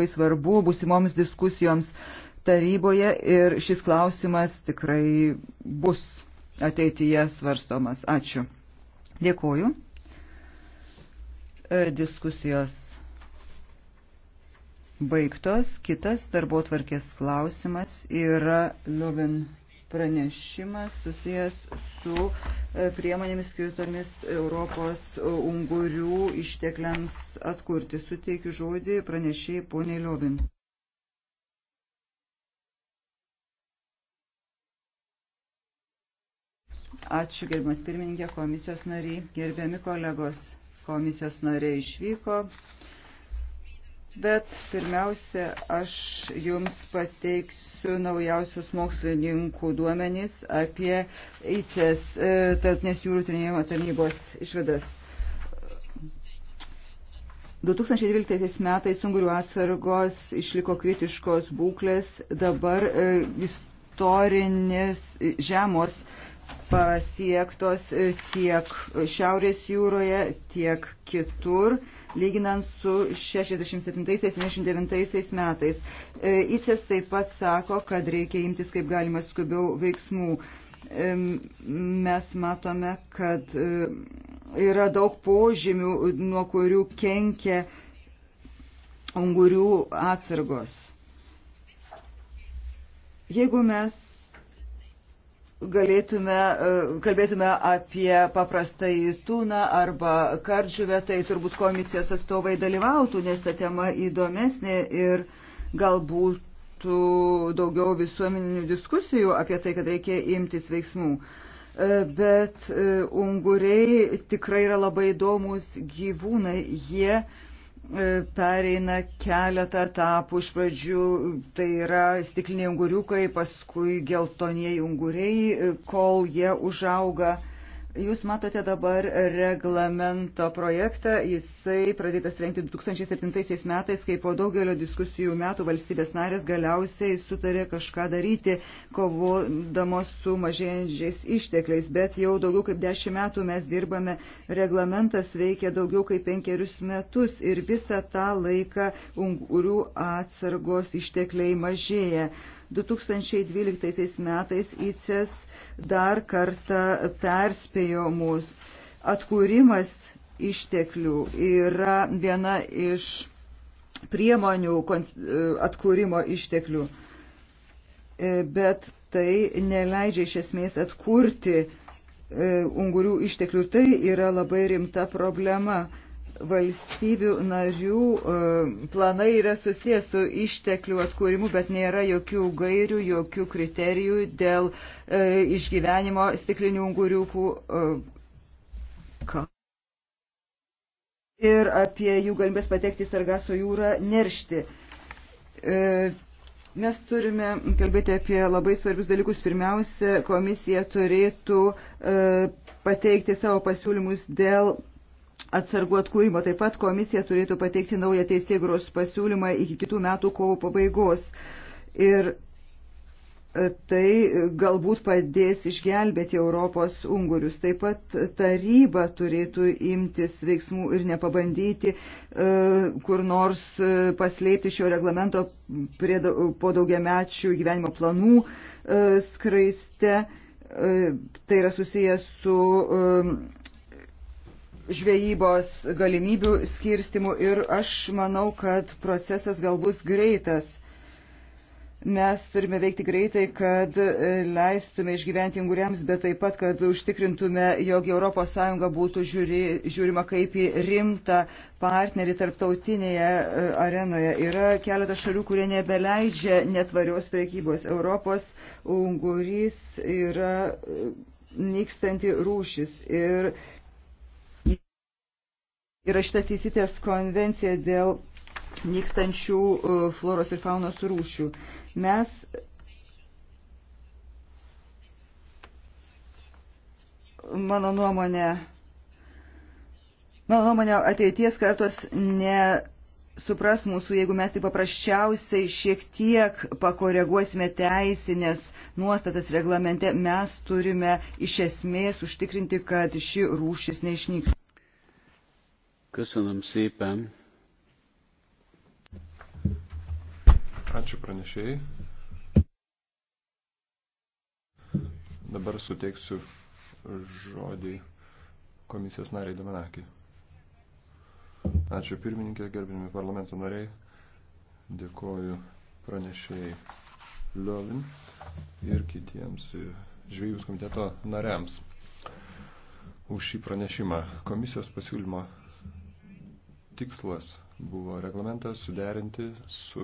labai svarbu būsimoms diskusijoms taryboje ir šis klausimas tikrai bus ateityje svarstomas. Ačiū. Dėkuoju. E, diskusijos baigtos. Kitas darbo tvarkės klausimas yra Liuvin pranešimas susijęs su e, priemonėmis skirtomis Europos e, ungurių ištekliams atkurti. Suteikiu žodį pranešėjai poniai Liovin. Ačiū gerbiamas pirmininkė, komisijos nariai, gerbiami kolegos, komisijos nariai išvyko. Bet pirmiausia, aš jums pateiksiu naujausius mokslininkų duomenys apie ICES, e, tarptinės jūrų tyrinėjimo tarnybos išvedas. 2012 metais sungurių atsargos išliko kritiškos būklės, dabar e, istorinės žemos pasiektos e, tiek Šiaurės jūroje, tiek kitur lyginant su 67-79 metais. E, ICES taip pat sako, kad reikia imtis kaip galima skubiau veiksmų. Mes matome, kad e, yra daug požymių, nuo kurių kenkia ungurių atsargos. Jeigu mes galėtume, e, kalbėtume apie paprastąjį tūną arba kardžuvę, tai turbūt komisijos atstovai dalyvautų, nes ta tema įdomesnė ir galbūt daugiau visuomeninių diskusijų apie tai, kad reikia imtis veiksmų. E, bet e, unguriai tikrai yra labai įdomus gyvūnai. Jie E, pereina keletą etapų. Iš pradžių tai yra stikliniai unguriukai, paskui geltonieji unguriai, e, kol jie užauga Jūs matote dabar reglamento projektą, jisai pradėtas rengti 2007 metais, kai po daugelio diskusijų metų valstybės narės galiausiai sutarė kažką daryti, kovodamos su mažėjančiais ištekliais, bet jau daugiau kaip 10 metų mes dirbame, reglamentas veikia daugiau kaip penkerius metus ir visą tą laiką ungurių atsargos ištekliai mažėja. 2012 metais ICES dar kartą perspėjo mus. Atkūrimas išteklių yra viena iš priemonių atkūrimo išteklių, e, bet tai neleidžia iš esmės atkurti e, ungurių išteklių. Tai yra labai rimta problema valstybių narių e, planai yra susijęs su išteklių atkūrimu, bet nėra jokių gairių, jokių kriterijų dėl e, išgyvenimo stiklinių unguriukų. E, ir apie jų galimybės patekti į Sargaso jūrą neršti. Mes turime kalbėti apie labai svarbius dalykus. Pirmiausia, komisija turėtų pateikti savo pasiūlymus dėl atsargų atkūrimo. Taip pat komisija turėtų pateikti naują teisėgros pasiūlymą iki kitų metų kovo pabaigos. Ir e, tai galbūt padės išgelbėti Europos ungurius. Taip pat taryba turėtų imtis veiksmų ir nepabandyti e, kur nors e, paslėpti šio reglamento prie, po daugiamečių gyvenimo planų skraiste. Tai yra susijęs su žvejybos galimybių skirstimų ir aš manau, kad procesas gal bus greitas. Mes turime veikti greitai, kad e, leistume išgyventi inguriams, bet taip pat, kad užtikrintume, jog ES būtų žiūri, žiūrima kaip į rimtą partnerį tarptautinėje e, arenoje. Yra keletas šalių, kurie nebeleidžia netvarios priekybos. Europos ungurys yra e, nykstanti rūšis ir įrašytas į sitės konvenciją dėl nykstančių e, floros ir faunos rūšių. Mes mano nuomonė, mano nuomonė ateities kartos ne supras mūsų, jeigu mes tik paprasčiausiai šiek tiek pakoreguosime teisinės nuostatas reglamente, mes turime iš esmės užtikrinti, kad ši rūšis neišnyktų. Köszönöm szépen. Ačiū pranešėjai. Dabar suteiksiu žodį komisijos nariai Domenakį. Ačiū pirmininkė, gerbinimi parlamento nariai. Dėkoju pranešėjai Liovin ir kitiems žvėjus komiteto nariams už šį pranešimą. Komisijos pasiūlymo tikslas buvo reglamentą suderinti su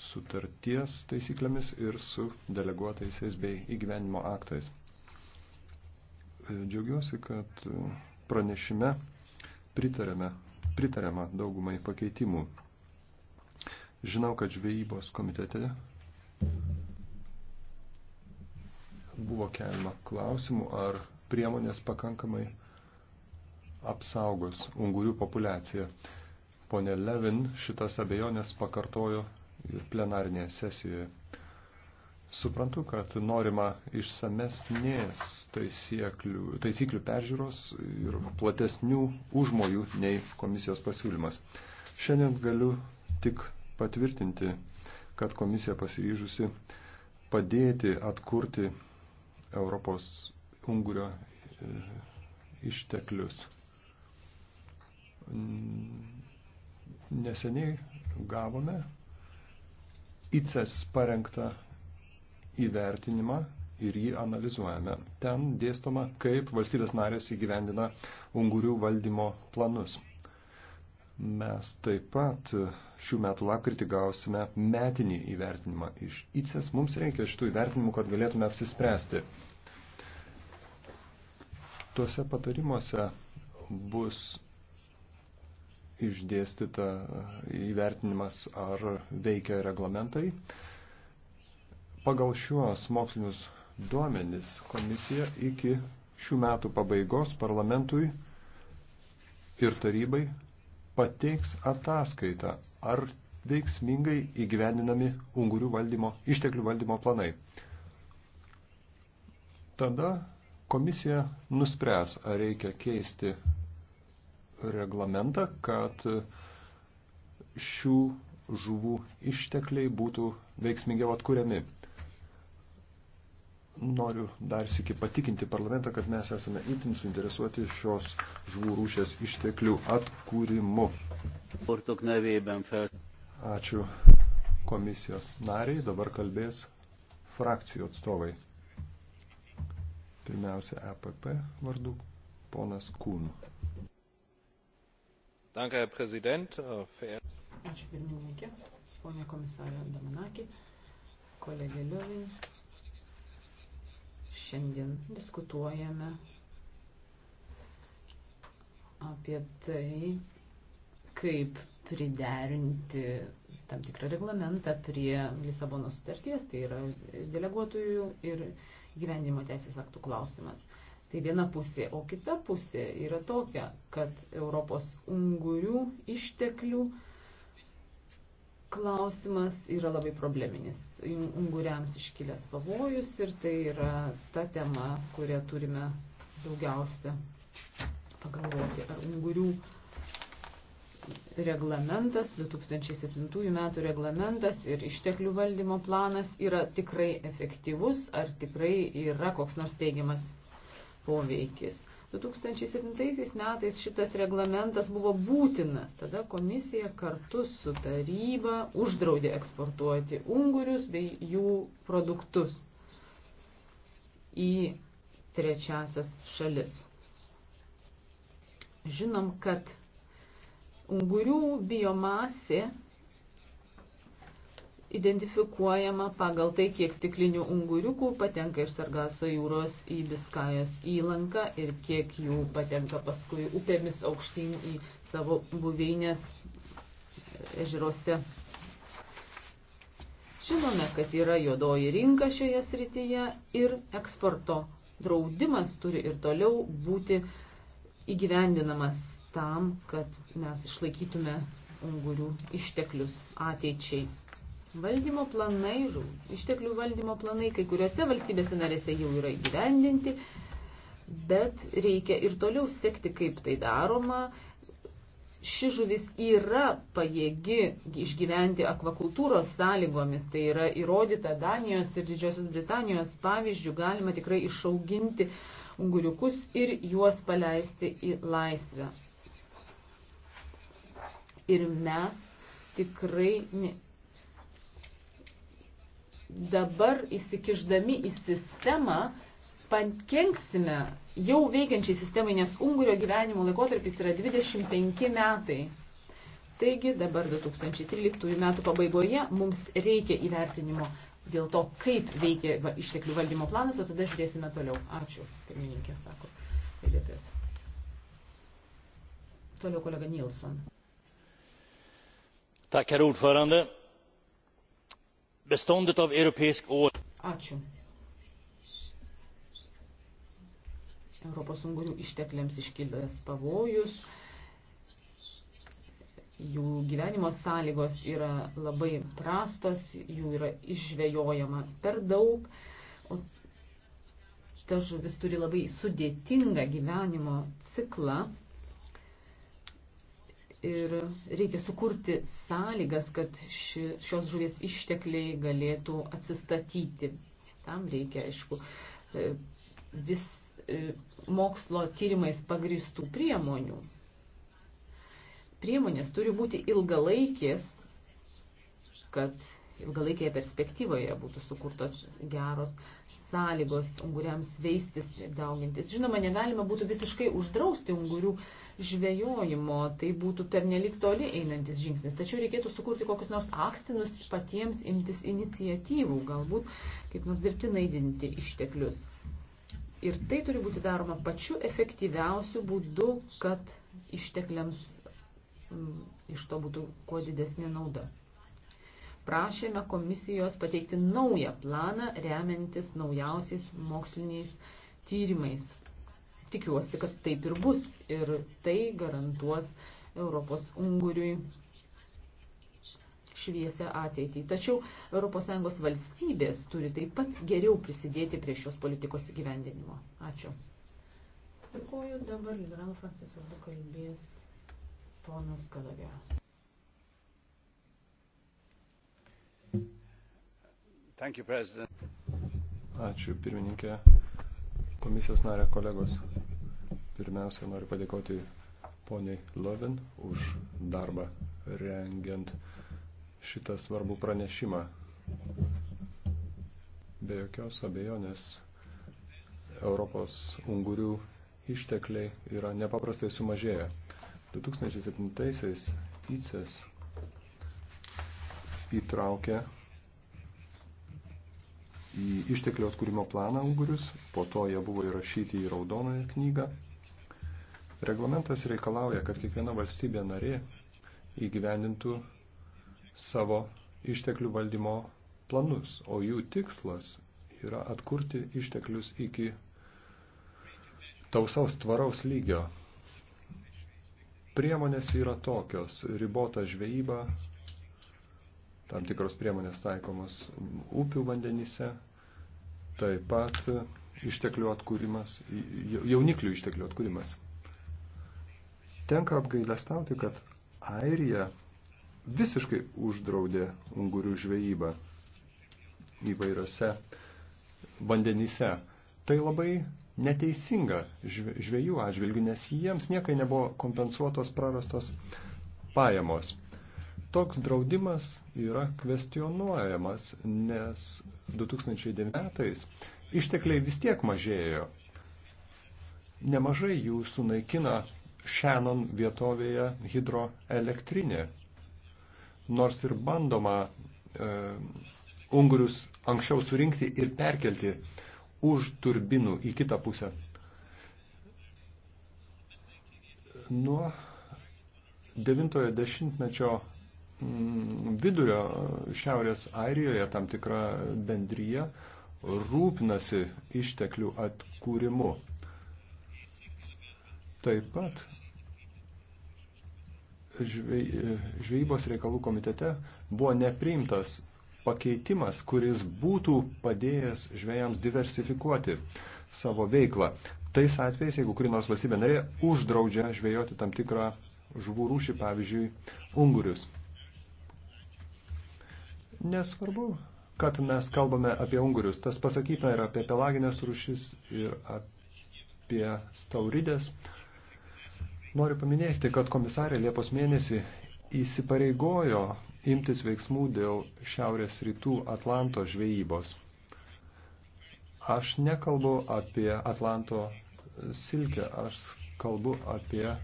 sutarties taisyklėmis ir su deleguotaisiais bei įgyvenimo aktais. Džiaugiuosi, kad pranešime pritarėme, pritarėma daugumai pakeitimų. Žinau, kad žvejybos komitete buvo keliama klausimų, ar priemonės pakankamai apsaugos ungurių populiaciją. Pone Levin šitas abejonės pakartojo ir plenarinėje sesijoje. Suprantu, kad norima išsamesnės taisyklių, taisyklių peržiūros ir platesnių užmojų nei komisijos pasiūlymas. Šiandien galiu tik patvirtinti, kad komisija pasiryžusi padėti atkurti Europos ungurio e, išteklius. Mm, neseniai gavome ICES parengtą įvertinimą ir jį analizuojame. Ten dėstoma, kaip valstybės narės įgyvendina ungurių valdymo planus. Mes taip pat šių metų lapkritį gausime metinį įvertinimą iš ICES. Mums reikia šitų įvertinimų, kad galėtume apsispręsti. Tuose patarimuose bus išdėstyta įvertinimas, ar veikia reglamentai. Pagal šiuos mokslinius duomenis komisija iki šių metų pabaigos parlamentui ir tarybai pateiks ataskaitą, ar veiksmingai įgyvendinami ungurių valdymo, išteklių valdymo planai. Tada komisija nuspręs, ar reikia keisti reglamentą, kad šių žuvų ištekliai būtų veiksmingiau atkuriami. Noriu dar sėki patikinti parlamentą, kad mes esame itin suinteresuoti šios žuvų rūšės išteklių atkūrimu. Ačiū komisijos nariai, dabar kalbės frakcijų atstovai. Pirmiausia, EPP vardu ponas Kūnų. Danke, Herr Präsident. Äh, Ačiū pirmininkė, ponė komisarė Damanakė, kolegė Liovin. Šiandien diskutuojame apie tai, kaip priderinti tam tikrą reglamentą prie Lisabono sutarties, tai yra deleguotojų ir gyvenimo teisės aktų klausimas. Tai viena pusė, o kita pusė yra tokia, kad Europos ungurių išteklių klausimas yra labai probleminis. Unguriams iškilęs pavojus ir tai yra ta tema, kurią turime daugiausia pagalvoti. Ar ungurių reglamentas, 2007 metų reglamentas ir išteklių valdymo planas yra tikrai efektyvus, ar tikrai yra koks nors teigiamas poveikis. 2007 metais šitas reglamentas buvo būtinas. Tada komisija kartu su taryba uždraudė eksportuoti ungurius bei jų produktus į trečiasias šalis. Žinom, kad ungurių biomasė identifikuojama pagal tai, kiek stiklinių unguriukų patenka iš Sargaso jūros į Biskajos įlanką ir kiek jų patenka paskui upėmis aukštyn į savo buveinės ežerose. Žinome, kad yra juodoji rinka šioje srityje ir eksporto draudimas turi ir toliau būti įgyvendinamas tam, kad mes išlaikytume ungurių išteklius ateičiai. Valdymo planai, išteklių valdymo planai kai kuriuose valstybėse narėse jau yra įgyvendinti, bet reikia ir toliau sekti, kaip tai daroma. Ši žuvis yra pajėgi išgyventi akvakultūros sąlygomis, tai yra įrodyta Danijos ir Didžiosios Britanijos pavyzdžių, galima tikrai išauginti unguriukus ir juos paleisti į laisvę. Ir mes tikrai ne, dabar įsikišdami į sistemą pakenksime jau veikiančiai sistemai, nes ungurio gyvenimo laikotarpis yra 25 metai. Taigi dabar 2013 metų pabaigoje mums reikia įvertinimo dėl to, kaip veikia va, išteklių valdymo planas, o tada žiūrėsime toliau. Ačiū, pirmininkė sako. Vėlėtojas. Toliau kolega Nilsson. Tak, herr ordförande beståndet av europeisk ål. Ačiū. Europos ungurių ištekliams iškilęs pavojus. Jų gyvenimo sąlygos yra labai prastos, jų yra išvejojama per daug, o ta žuvis turi labai sudėtingą gyvenimo ciklą, ir reikia sukurti sąlygas, kad ši, šios žuvies ištekliai galėtų atsistatyti. Tam reikia, aišku, e, vis e, mokslo tyrimais pagristų priemonių. Priemonės turi būti ilgalaikės, kad ilgalaikėje perspektyvoje būtų sukurtos geros sąlygos unguriams veistis, daugintis. Žinoma, negalima būtų visiškai uždrausti ungurių žvejojimo. Tai būtų pernelik toli einantis žingsnis. Tačiau reikėtų sukurti kokius nors akstinus patiems imtis iniciatyvų, galbūt kaip nors dirbtinai didinti išteklius. Ir tai turi būti daroma pačiu efektyviausiu būdu, kad ištekliams m, iš to būtų kuo didesnė nauda. Prašėme komisijos pateikti naują planą remiantis naujausiais moksliniais tyrimais tikiuosi, kad taip ir bus ir tai garantuos Europos unguriui šviesę ateitį. Tačiau ES valstybės turi taip pat geriau prisidėti prie šios politikos įgyvendinimo. Ačiū. Dėkuoju, dabar liberalų frakcijos vardu kalbės ponas Kalavė. Ačiū, pirmininkė. Komisijos narė kolegos, pirmiausia noriu padėkoti poniai Lovin už darbą rengiant šitą svarbų pranešimą. Be jokios abejonės Europos ungurių ištekliai yra nepaprastai sumažėję. 2007-aisiais ICES įtraukė į išteklių atkūrimo planą ungurius, po to jie buvo įrašyti į raudonąją knygą. Reglamentas reikalauja, kad kiekviena valstybė narė įgyvendintų savo išteklių valdymo planus, o jų tikslas yra atkurti išteklius iki tausaus tvaraus lygio. Priemonės yra tokios – ribota žvejyba, tam tikros priemonės taikomos upių vandenyse – taip pat išteklių atkūrimas, jauniklių išteklių atkūrimas. Tenka apgailestauti, kad Airija visiškai uždraudė ungurių žvejybą įvairiose vandenyse. Tai labai neteisinga žvejų atžvilgių, nes jiems niekai nebuvo kompensuotos prarastos pajamos. Toks draudimas yra kvestionuojamas, nes 2009 metais ištekliai vis tiek mažėjo. Nemažai jų sunaikina Šenon vietovėje hidroelektrinė. Nors ir bandoma e, ungurius anksčiau surinkti ir perkelti už turbinų į kitą pusę. Nuo 90-mečio Mm, vidurio Šiaurės Airijoje tam tikra bendryja rūpinasi išteklių atkūrimu. Taip pat žvejybos reikalų komitete buvo nepriimtas pakeitimas, kuris būtų padėjęs žvėjams diversifikuoti savo veiklą. Tais atvejais, jeigu kuri nors valstybė narė uždraudžia žvejoti tam tikrą žuvų rūšį, pavyzdžiui, ungurius. Nesvarbu, kad mes kalbame apie ungurius. Tas pasakyta ir apie pelaginės rūšis, ir apie stauridės. Noriu paminėti, kad komisarė Liepos mėnesį įsipareigojo imtis veiksmų dėl šiaurės rytų Atlanto žvejybos. Aš nekalbu apie Atlanto silkę, aš kalbu apie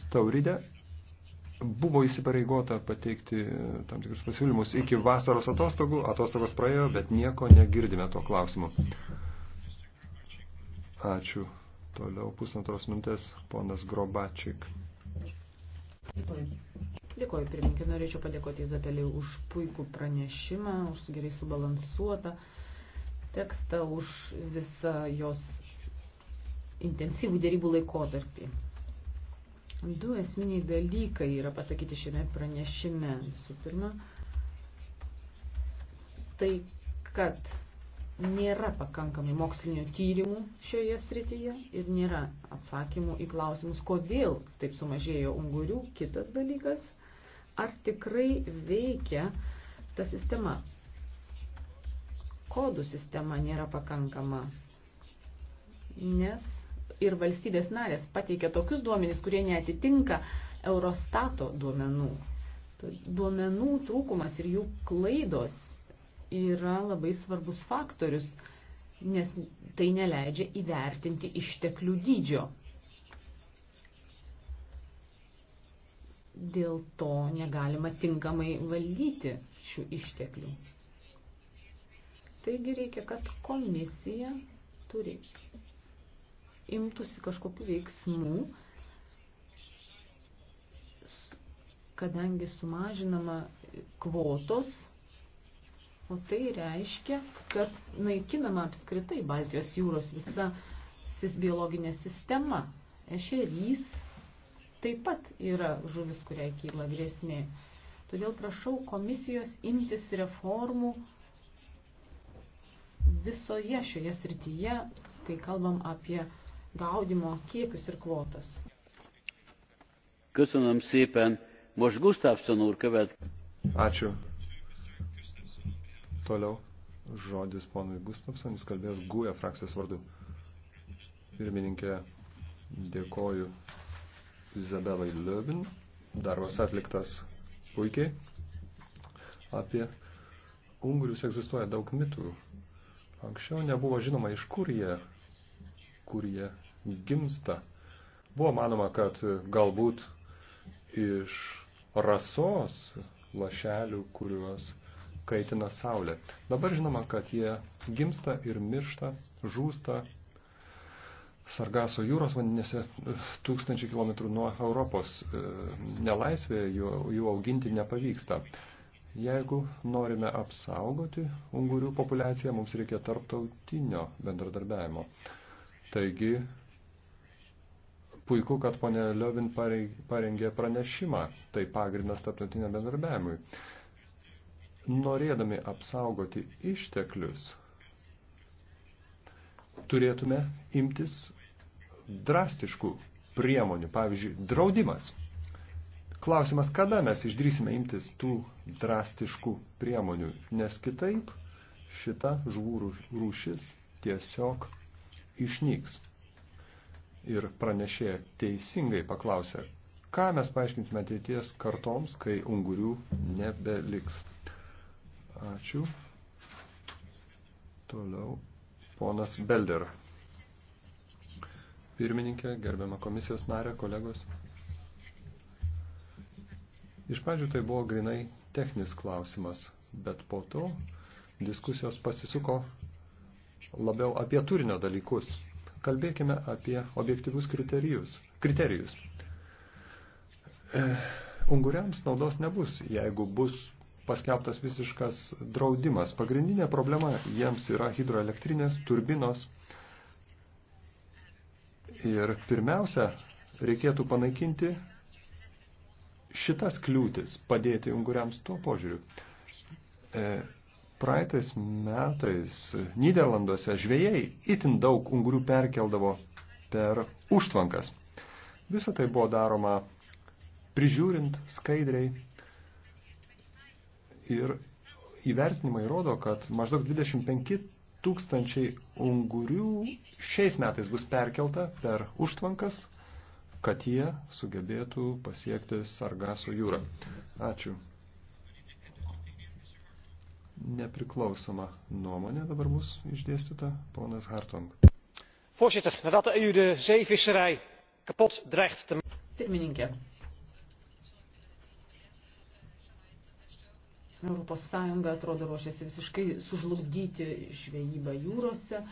stauridę buvo įsipareigota pateikti tam tikrus pasiūlymus iki vasaros atostogų. Atostogos praėjo, bet nieko negirdime tuo klausimu. Ačiū. Toliau pusantros minutės ponas Grobačik. Dėkuoju, pirmininkė. Norėčiau padėkoti Izabeliai už puikų pranešimą, už gerai subalansuotą tekstą, už visą jos intensyvų dėrybų laikotarpį. Du esminiai dalykai yra pasakyti šiame pranešime. Visų pirma, tai, kad nėra pakankamai mokslinių tyrimų šioje srityje ir nėra atsakymų į klausimus, kodėl taip sumažėjo ungurių. Kitas dalykas, ar tikrai veikia ta sistema. Kodų sistema nėra pakankama, nes ir valstybės narės pateikia tokius duomenys, kurie neatitinka Eurostato duomenų. Duomenų trūkumas ir jų klaidos yra labai svarbus faktorius, nes tai neleidžia įvertinti išteklių dydžio. Dėl to negalima tinkamai valdyti šių išteklių. Taigi reikia, kad komisija turi imtųsi kažkokių veiksmų, kadangi sumažinama kvotos, o tai reiškia, kad naikinama apskritai Baltijos jūros visa biologinė sistema. Ešerys taip pat yra žuvis, kuriai kyla grėsmė. Todėl prašau komisijos imtis reformų visoje šioje srityje, kai kalbam apie gaudimo kiekius ir kvotas. Köszönöm szépen. Most Gustafsson úr követ. Ačiū. Toliau žodis ponui Gustafsson, jis kalbės GUE frakcijos vardu. Pirmininkė, dėkoju Izabelai Löbin. Darbas atliktas puikiai. Apie ungurius egzistuoja daug mitų. Anksčiau nebuvo žinoma, iš kur jie kur jie gimsta. Buvo manoma, kad galbūt iš rasos lašelių, kuriuos kaitina saulė. Dabar žinoma, kad jie gimsta ir miršta, žūsta Sargaso jūros vandenėse tūkstančių kilometrų nuo Europos. E, Nelaisvėje jų, jų auginti nepavyksta. Jeigu norime apsaugoti ungurių populiaciją, mums reikia tarptautinio bendradarbiavimo. Taigi, puiku, kad ponė Liovin parengė pranešimą, tai pagrindas tarptautiniam bendarbiavimui. Norėdami apsaugoti išteklius, turėtume imtis drastiškų priemonių, pavyzdžiui, draudimas. Klausimas, kada mes išdrysime imtis tų drastiškų priemonių, nes kitaip šita žuvų rūšis tiesiog išnyks. Ir pranešė teisingai paklausė, ką mes paaiškinsime ateities kartoms, kai ungurių nebeliks. Ačiū. Toliau ponas Belder. Pirmininkė, gerbiama komisijos narė, kolegos. Iš pradžių tai buvo grinai techninis klausimas, bet po to diskusijos pasisuko labiau apie turinio dalykus. Kalbėkime apie objektyvus kriterijus. kriterijus. E, unguriams naudos nebus, jeigu bus paskelbtas visiškas draudimas. Pagrindinė problema jiems yra hidroelektrinės, turbinos. Ir pirmiausia, reikėtų panaikinti šitas kliūtis, padėti unguriams tuo požiūriu. E, Praeitais metais Niderlanduose žvėjai itin daug ungurių perkeldavo per užtvankas. Visą tai buvo daroma prižiūrint skaidriai ir įvertinimai rodo, kad maždaug 25 tūkstančiai ungurių šiais metais bus perkelta per užtvankas, kad jie sugebėtų pasiekti Sargaso jūrą. Ačiū nepriklausoma nuomonė dabar bus išdėstyta ponas Hartong. Voorzitter, nadat de EU de zeevisserij kapot dreigt te Pirmininkė. Europos Sąjunga atrodo ruošiasi visiškai sužlugdyti žvejybą jūrose.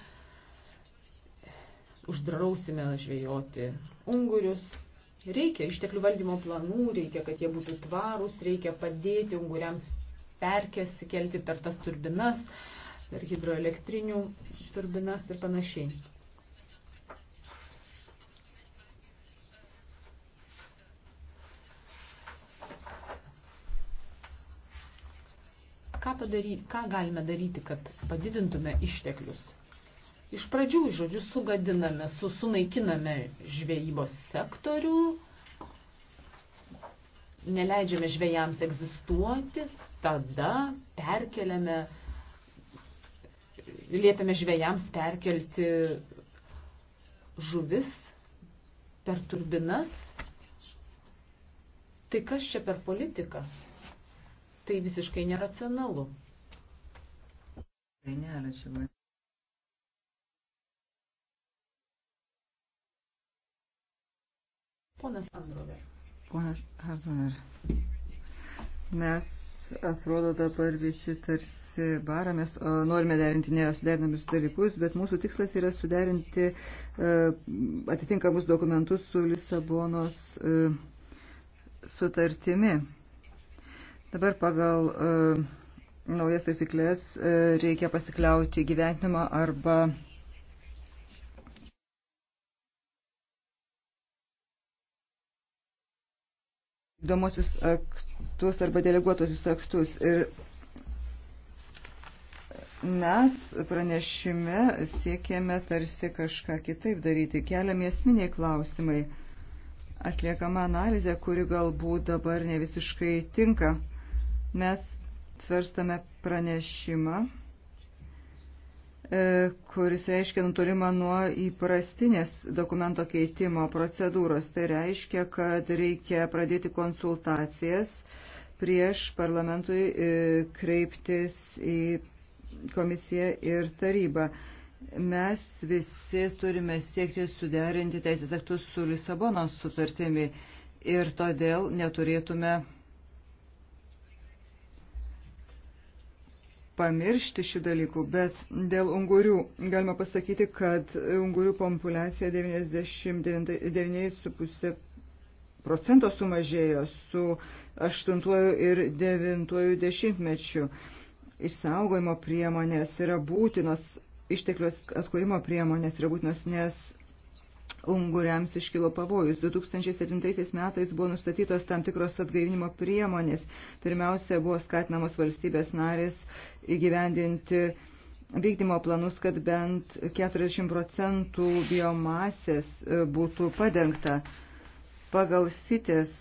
Uždrausime žvejoti ungurius, reikia išteklių valdymo planų, reikia, kad jie būtų tvarūs, reikia padėti unguriams perkelti per tas turbinas, per hidroelektrinių turbinas ir panašiai. Ką, padaryti, ką galime daryti, kad padidintume išteklius? Iš pradžių, žodžiu, sugadiname, su, sunaikiname žvejybos sektorių, neleidžiame žvėjams egzistuoti, tada perkeliame, liepiame žvėjams perkelti žuvis per turbinas. Tai kas čia per politiką? Tai visiškai neracionalu. Tai nėra čia. Ponas Androvė. Ponas Hardoner, mes atrodo dabar visi tarsi baramės, norime derinti nesuderinamius dalykus, bet mūsų tikslas yra suderinti e, atitinkamus dokumentus su Lisabonos e, sutartimi. Dabar pagal e, naujas taisyklės reikia pasikliauti gyvenimo arba vykdomosius aktus arba deleguotosius aktus. Ir mes pranešime siekėme tarsi kažką kitaip daryti. Keliami esminiai klausimai. Atliekama analizė, kuri galbūt dabar ne visiškai tinka. Mes svarstame pranešimą E, kuris reiškia nutolimą nuo įprastinės dokumento keitimo procedūros. Tai reiškia, kad reikia pradėti konsultacijas prieš parlamentui e, kreiptis į komisiją ir tarybą. Mes visi turime siekti suderinti teisės aktus su Lisabonos sutartimi ir todėl neturėtume pamiršti šių dalykų, bet dėl ungurių galima pasakyti, kad ungurių populiacija 99,5 procento sumažėjo su 8 ir 9 dešimtmečiu. Išsaugojimo priemonės yra būtinos, išteklių atkūrimo priemonės yra būtinos, nes unguriams iškilo pavojus. 2007 metais buvo nustatytos tam tikros atgaivinimo priemonės. Pirmiausia, buvo skatinamos valstybės narės įgyvendinti vykdymo planus, kad bent 40 procentų biomasės e, būtų padengta. Pagal sitės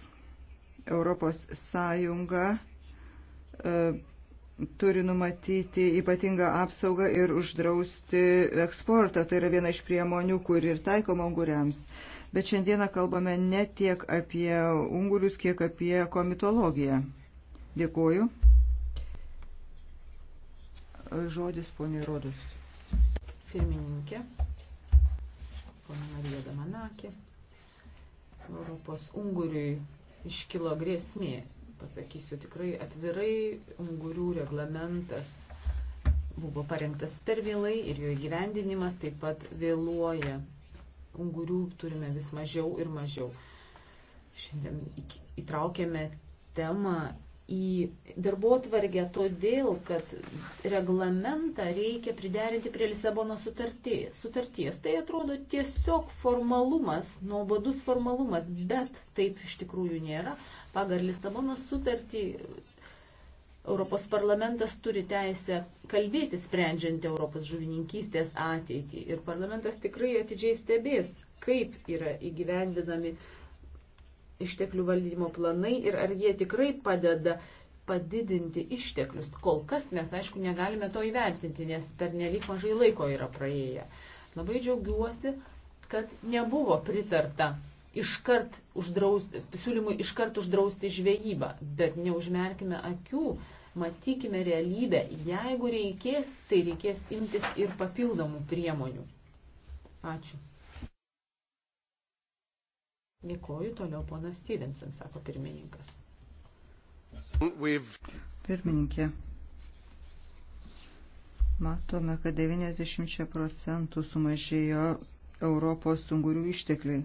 Europos Sąjunga e, turi numatyti ypatingą apsaugą ir uždrausti eksportą. Tai yra viena iš priemonių, kur ir taikoma unguriams. Bet šiandieną kalbame ne tiek apie ungurius, kiek apie komitologiją. Dėkuoju. Žodis poniai Rodos. Pirmininkė, ponia Marija Damanakė, Europos unguriui iškilo grėsmė pasakysiu tikrai atvirai, ungurių reglamentas buvo parengtas per vėlai ir jo įgyvendinimas taip pat vėluoja. Ungurių turime vis mažiau ir mažiau. Šiandien įtraukėme temą į darbo tvarkę todėl, kad reglamentą reikia priderinti prie Lisabono sutarties. Tai atrodo tiesiog formalumas, nuobodus formalumas, bet taip iš tikrųjų nėra. Pagal Lisabonos sutartį Europos parlamentas turi teisę kalbėti sprendžiant Europos žuvininkystės ateitį. Ir parlamentas tikrai atidžiai stebės, kaip yra įgyvendinami išteklių valdymo planai ir ar jie tikrai padeda padidinti išteklius. Kol kas mes, aišku, negalime to įvertinti, nes per nelik mažai laiko yra praėję. Labai džiaugiuosi, kad nebuvo pritarta iškart uždrausti, siūlymui iškart uždrausti žvejybą, bet neužmerkime akių, matykime realybę. Jeigu reikės, tai reikės imtis ir papildomų priemonių. Ačiū. Dėkoju toliau ponas Stevenson, sako pirmininkas. Pirmininkė. Matome, kad 90 procentų sumažėjo Europos sungurių ištekliai.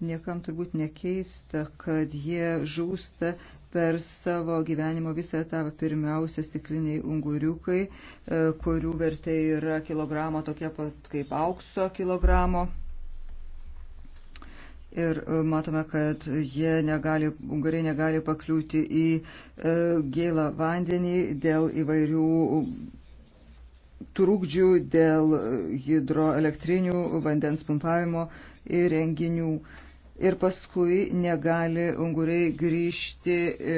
Niekam turbūt nekeista, kad jie žūsta per savo gyvenimo visą etapą. Pirmiausia, stikliniai unguriukai, e, kurių vertė yra kilogramo tokia pat kaip aukso kilogramo. Ir e, matome, kad jie negali, ungariai negali pakliūti į e, gėlą vandenį dėl įvairių trūkdžių, dėl hidroelektrinių vandens pumpavimo įrenginių. renginių ir paskui negali unguriai grįžti e,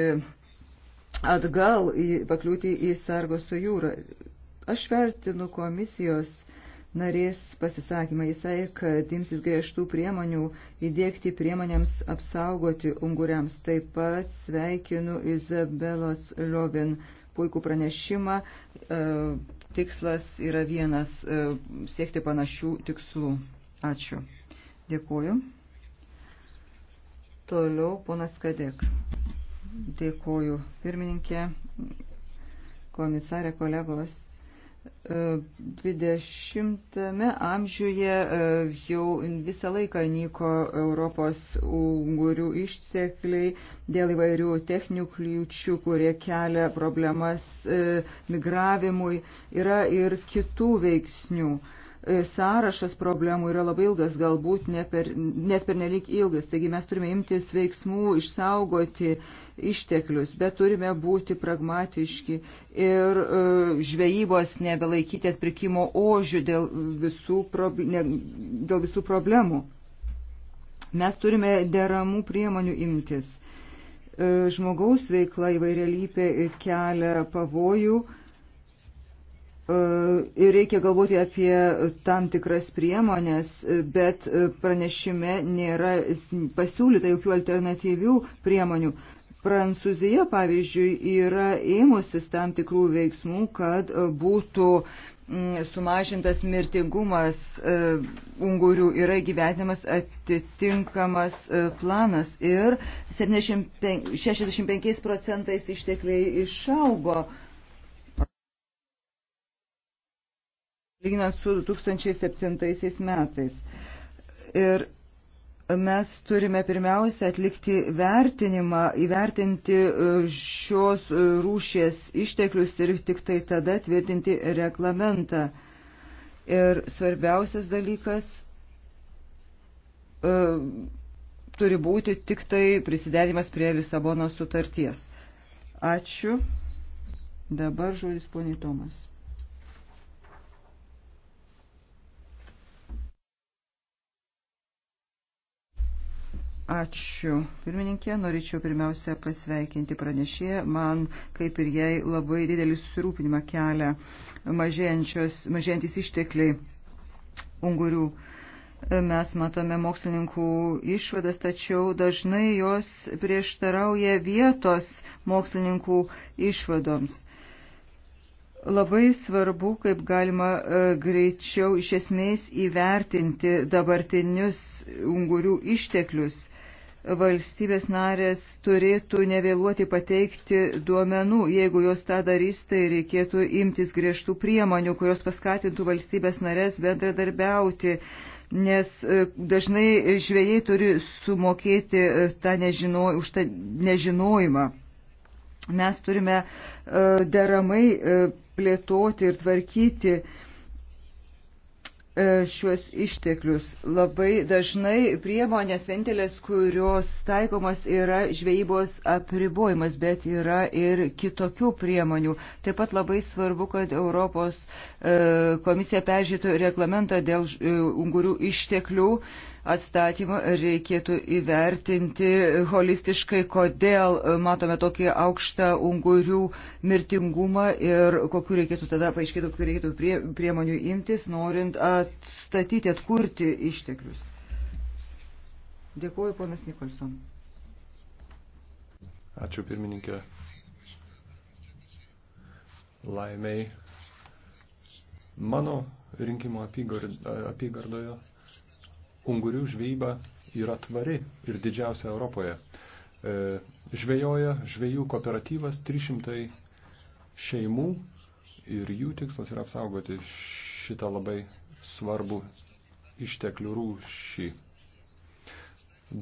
atgal, į, pakliūti į Sargoso jūrą. Aš vertinu komisijos narės pasisakymą. Jisai, kad imsis griežtų priemonių įdėkti priemonėms apsaugoti unguriams. Taip pat sveikinu Izabelos Liovin puikų pranešimą. E, tikslas yra vienas e, - siekti panašių tikslų. Ačiū. Dėkuoju. Toliau ponas Kadek. Dėkoju pirmininkė, komisarė, kolegos. 20-ame e, amžiuje e, jau visą laiką nyko Europos ungurių ištekliai dėl įvairių techninių kliūčių, kurie kelia problemas e, migravimui. Yra ir kitų veiksnių. E, sąrašas problemų yra labai ilgas, galbūt net per, net per nelik ilgas. Taigi mes turime imtis veiksmų, išsaugoti išteklius, bet turime būti pragmatiški ir uh, žvejybos nebelaikyti atpirkimo ožių dėl visų, proble, ne, dėl visų problemų. Mes turime deramų priemonių imtis. E, žmogaus veikla įvairialypė kelia pavojų uh, E, ir reikia galvoti apie tam tikras priemonės, bet pranešime nėra pasiūlyta jokių alternatyvių priemonių. Prancūzija, pavyzdžiui, yra ėmusis tam tikrų veiksmų, kad būtų sumažintas mirtingumas e, ungurių yra gyvenimas atitinkamas e, planas ir 75, 65 procentais ištekliai išaugo lyginant su 2007 metais. Ir mes turime pirmiausia atlikti vertinimą, įvertinti e, šios rūšies išteklius ir tik tai tada tvirtinti reglamentą. Ir svarbiausias dalykas e, turi būti tik tai prisiderimas prie Lisabono sutarties. Ačiū. Dabar žodis poniai Tomas. Ačiū. Pirmininkė, norėčiau pirmiausia pasveikinti pranešėją. Man, kaip ir jai, labai didelį susirūpinimą kelia mažėjantis ištekliai ungurių. Mes matome mokslininkų išvadas, tačiau dažnai jos prieštarauja vietos mokslininkų išvadoms. Labai svarbu, kaip galima e, greičiau iš esmės įvertinti dabartinius ungurių išteklius. Valstybės narės turėtų nevėluoti pateikti duomenų. Jeigu jos tą darys, tai reikėtų imtis griežtų priemonių, kurios paskatintų valstybės narės bendradarbiauti nes e, dažnai žvėjai turi sumokėti e, tą nežino, už tą nežinojimą. Mes turime e, deramai e, plėtoti ir tvarkyti e, šiuos išteklius. Labai dažnai priemonės ventelės, kurios taikomas yra žvejybos apribojimas, bet yra ir kitokių priemonių. Taip pat labai svarbu, kad Europos komisija peržiūrėtų reglamentą dėl ungurių išteklių atstatymo reikėtų įvertinti holistiškai, kodėl matome tokį aukštą ungurių mirtingumą ir kokiu reikėtų tada paaiškėti, kokiu reikėtų prie, priemonių imtis, norint atstatyti, atkurti išteklius. Dėkuoju, ponas Nikolson. Ačiū pirmininkė. Laimiai mano rinkimo apygardoje ungurių žvejyba yra tvari ir didžiausia Europoje. E, žvejoja žvejų kooperatyvas 300 šeimų ir jų tikslas yra apsaugoti šitą labai svarbų išteklių rūšį.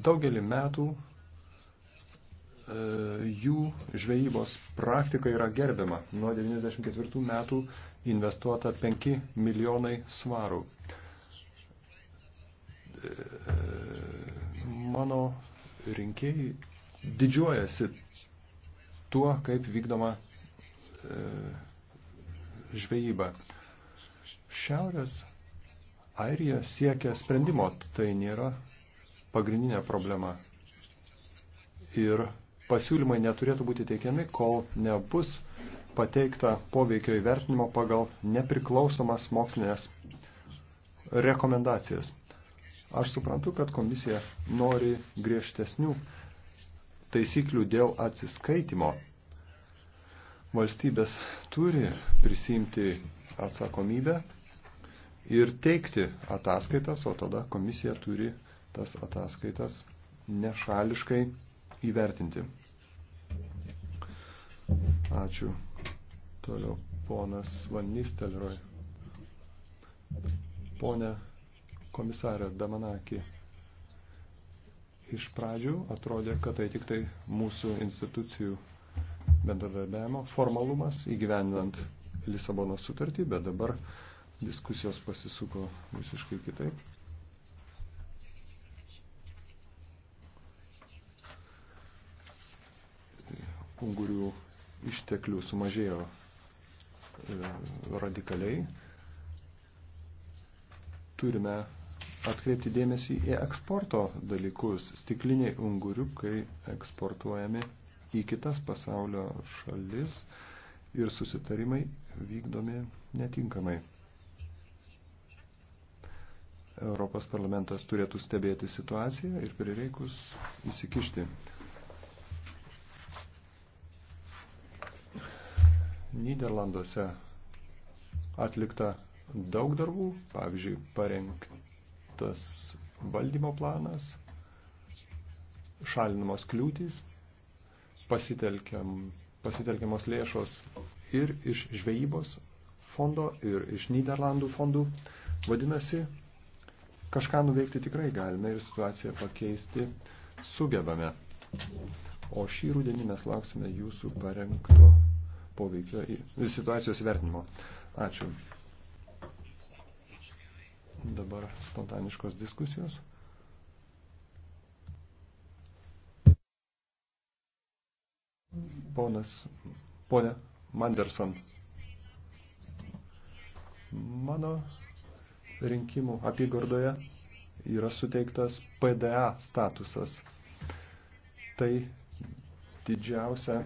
Daugelį metų e, jų žvejybos praktika yra gerbiama. Nuo 1994 metų investuota 5 milijonai svarų mano rinkėjai didžiuojasi tuo, kaip vykdoma e, žvejyba. Šiaurės Airija siekia sprendimo, tai nėra pagrindinė problema. Ir pasiūlymai neturėtų būti teikiami, kol nebus pateikta poveikio įvertinimo pagal nepriklausomas mokslinės rekomendacijas. Aš suprantu, kad komisija nori griežtesnių taisyklių dėl atsiskaitimo. Valstybės turi prisimti atsakomybę ir teikti ataskaitas, o tada komisija turi tas ataskaitas nešališkai įvertinti. Ačiū. Toliau ponas Van Nistelroj. Pone komisarą Damanakį. Iš pradžių atrodė, kad tai tik tai mūsų institucijų bendradarbiavimo formalumas įgyvendinant Lisabono sutartį, bet dabar diskusijos pasisuko visiškai kitaip. Ungurių išteklių sumažėjo e, radikaliai. Turime atkreipti dėmesį į eksporto dalykus. Stikliniai unguriukai eksportuojami į kitas pasaulio šalis ir susitarimai vykdomi netinkamai. Europos parlamentas turėtų stebėti situaciją ir prireikus įsikišti. Niderlanduose atlikta daug darbų, pavyzdžiui, parengti parengtas valdymo planas, šalinamos kliūtys, pasitelkiam, pasitelkiamos lėšos ir iš žvejybos fondo, ir iš Niderlandų fondų. Vadinasi, kažką nuveikti tikrai galime ir situaciją pakeisti sugebame. O šį rudenį mes lauksime jūsų parengto poveikio situacijos vertinimo. Ačiū. Dabar spontaniškos diskusijos. Ponas, ponė Manderson. Mano rinkimų apygardoje yra suteiktas PDA statusas. Tai didžiausia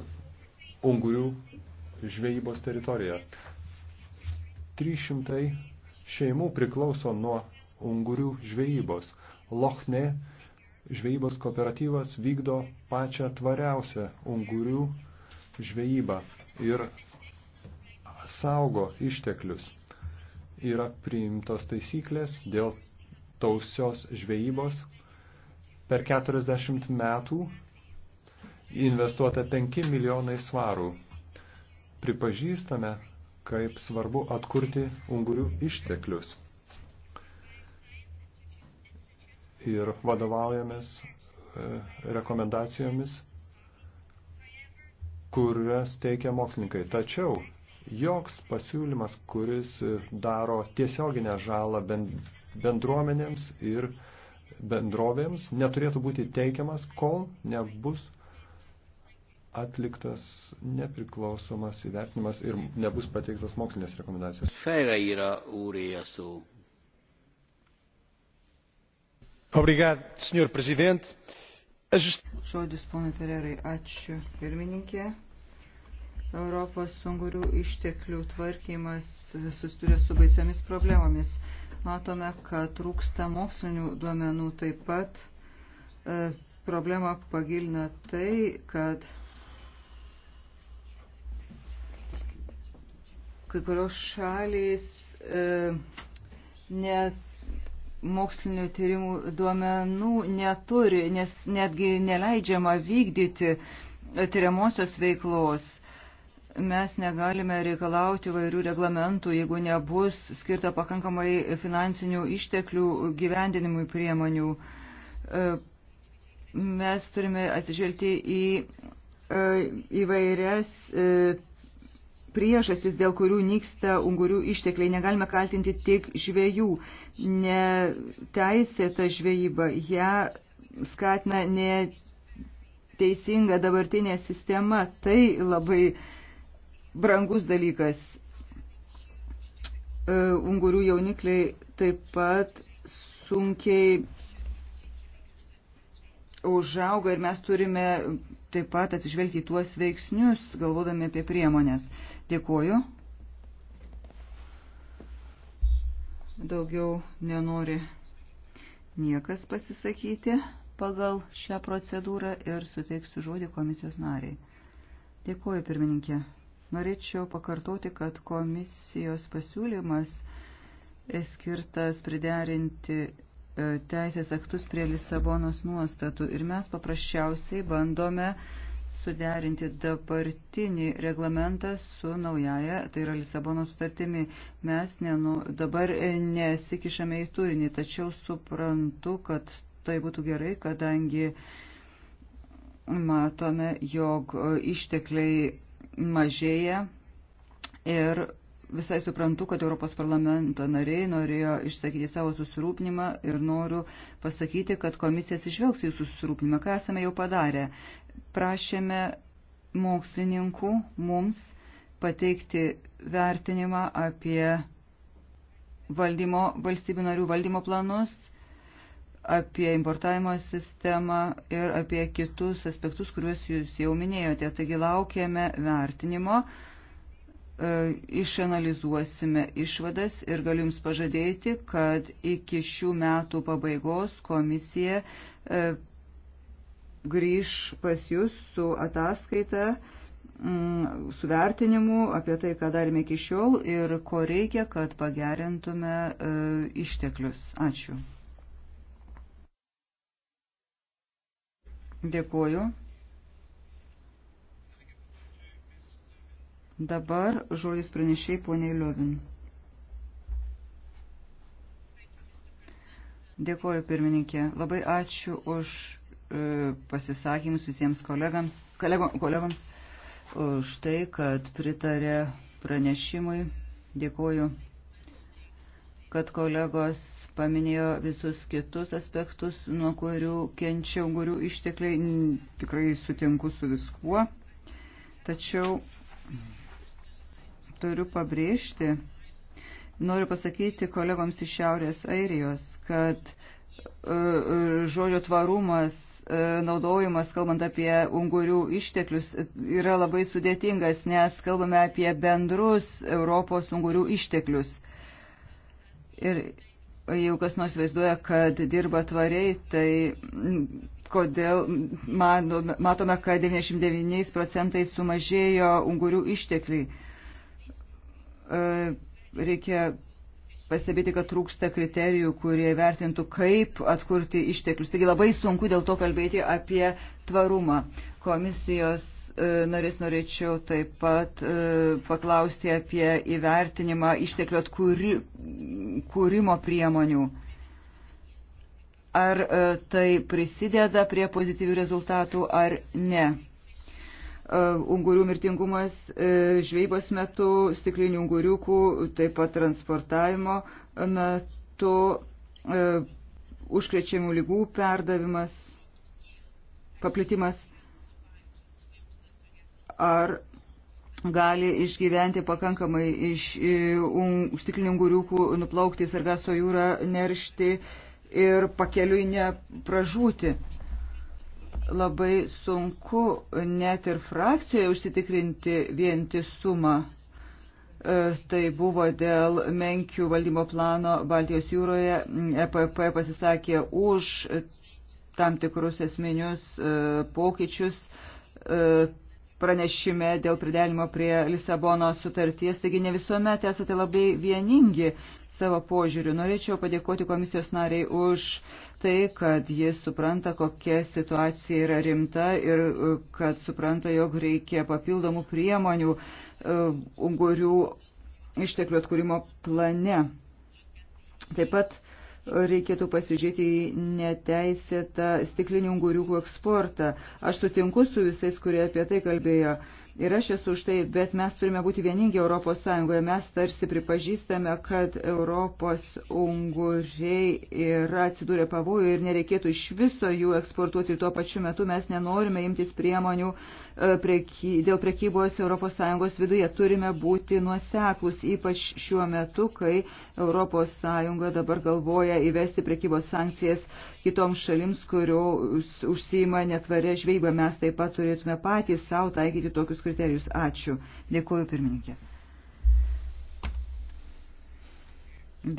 ungurių žvejybos teritorija. 300 šeimų priklauso nuo ungurių žvejybos. Lochne žvejybos kooperatyvas vykdo pačią tvariausią ungurių žvejybą ir saugo išteklius. Yra priimtos taisyklės dėl tausios žvejybos. Per 40 metų investuota 5 milijonai svarų. Pripažįstame, kaip svarbu atkurti ungurių išteklius. Ir vadovaujamės e, rekomendacijomis, kurias teikia mokslininkai. Tačiau joks pasiūlymas, kuris daro tiesioginę žalą bendruomenėms ir bendrovėms, neturėtų būti teikiamas, kol nebus atliktas nepriklausomas įvertinimas ir nebus pateiktas mokslinės rekomendacijos. Ferreira Urėsų. Obrigado, senhor presidente. Just... Žodis ponai Ferrerai, ačiū pirmininkė. Europos sungurių išteklių tvarkymas susiduria su baisiomis problemomis. Matome, kad trūksta mokslinių duomenų taip pat. E, problemą pagilina tai, kad Kai kurios šalys e, net mokslinių tyrimų duomenų neturi, nes netgi neleidžiama vykdyti tyriamosios veiklos mes negalime reikalauti vairių reglamentų, jeigu nebus skirta pakankamai finansinių išteklių gyvendinimui priemonių. E, mes turime atsižvelgti į e, įvairias e, priežastis, dėl kurių nyksta ungurių ištekliai, negalime kaltinti tik žvėjų. Neteisėta žvejyba, ją skatina neteisinga dabartinė sistema. Tai labai brangus dalykas. E, ungurių jaunikliai taip pat sunkiai užauga ir mes turime taip pat atsižvelgti į tuos veiksnius, galvodami apie priemonės. Dėkuoju. Daugiau nenori niekas pasisakyti pagal šią procedūrą ir suteiksiu žodį komisijos nariai. Dėkuoju, pirmininkė. Norėčiau pakartoti, kad komisijos pasiūlymas skirtas priderinti e, teisės aktus prie Lisabonos nuostatų ir mes paprasčiausiai bandome uh, suderinti dabartinį reglamentą su naujaja, tai yra Lisabono sutartimi. Mes nenu, dabar nesikišame į turinį, tačiau suprantu, kad tai būtų gerai, kadangi matome, jog ištekliai mažėja ir visai suprantu, kad Europos parlamento nariai norėjo išsakyti savo susirūpinimą ir noriu pasakyti, kad komisijas išvelgs jų susirūpinimą, ką esame jau padarę prašėme mokslininkų mums pateikti vertinimą apie valdymo, valstybių narių valdymo planus, apie importavimo sistemą ir apie kitus aspektus, kuriuos jūs jau minėjote. Taigi laukėme vertinimo, e, išanalizuosime išvadas ir galiu Jums pažadėti, kad iki šių metų pabaigos komisija e, grįž pas jūs su ataskaita, mm, su vertinimu apie tai, ką darėme iki šiol ir ko reikia, kad pagerintume e, išteklius. Ačiū. Dėkuoju. Dabar žodis pranešiai poniai Liovin. Dėkuoju, pirmininkė. Labai ačiū už E, pasisakymus visiems kolegams, kolego, kolegams už tai, kad pritarė pranešimui. Dėkuoju, kad kolegos paminėjo visus kitus aspektus, nuo kurių kenčia ungurių ištekliai. Tikrai sutinku su viskuo. Tačiau turiu pabrėžti, noriu pasakyti kolegoms iš Šiaurės Airijos, kad E, e, žodžio tvarumas, e, naudojimas, kalbant apie ungurių išteklius, yra labai sudėtingas, nes kalbame apie bendrus Europos ungurių išteklius. Ir jeigu kas nors vaizduoja, kad dirba tvariai, tai kodėl matome, kad 99 procentais sumažėjo ungurių ištekliai. Reikia pastebėti, kad trūksta kriterijų, kurie vertintų, kaip atkurti išteklius. Taigi labai sunku dėl to kalbėti apie tvarumą. Komisijos e, norės norėčiau taip pat e, paklausti apie įvertinimą išteklių atkūri, kūrimo priemonių. Ar e, tai prisideda prie pozityvių rezultatų ar ne? E, ungurių mirtingumas e, žvejybos metu, stiklinių unguriukų, taip pat transportavimo metu, e, užkrečiamų lygų perdavimas, paplitimas. Ar gali išgyventi pakankamai iš um, stiklinių unguriukų nuplaukti į Sargaso jūrą, neršti ir pakeliui nepražūti labai sunku net ir frakcijoje užsitikrinti vientisumą. E, tai buvo dėl menkių valdymo plano Baltijos jūroje. EPP pasisakė už tam tikrus esminius e, pokyčius e, pranešime dėl pridelimo prie Lisabono sutarties, taigi ne visuomet esate labai vieningi savo požiūriu. Norėčiau padėkoti komisijos nariai už tai, kad jis supranta, kokia situacija yra rimta ir e, kad supranta, jog reikia papildomų priemonių e, ungurių išteklių atkūrimo plane. Taip pat reikėtų pasižiūrėti į neteisėtą stiklinių unguriukų eksportą. Aš sutinku su visais, kurie apie tai kalbėjo. Ir aš esu už tai, bet mes turime būti vieningi Europos Sąjungoje. Mes tarsi pripažįstame, kad Europos unguriai yra atsidūrę pavojų ir nereikėtų iš viso jų eksportuoti. Ir tuo pačiu metu mes nenorime imtis priemonių e, preky, dėl prekybos Europos Sąjungos viduje. Turime būti nuoseklus, ypač šiuo metu, kai Europos Sąjunga dabar galvoja įvesti prekybos sankcijas kitoms šalims, kurios užsima netvarę žvejybą. Mes taip pat turėtume patys savo taikyti tokius kriterijus. Ačiū. Dėkuoju, pirmininkė.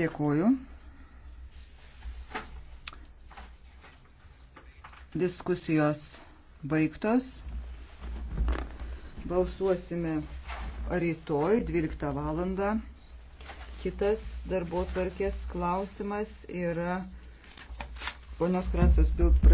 Dėkuoju. Diskusijos baigtos. Balsuosime rytoj 12 valandą. Kitas darbo tvarkės klausimas yra Ponios Kratsas Bild pradėjo.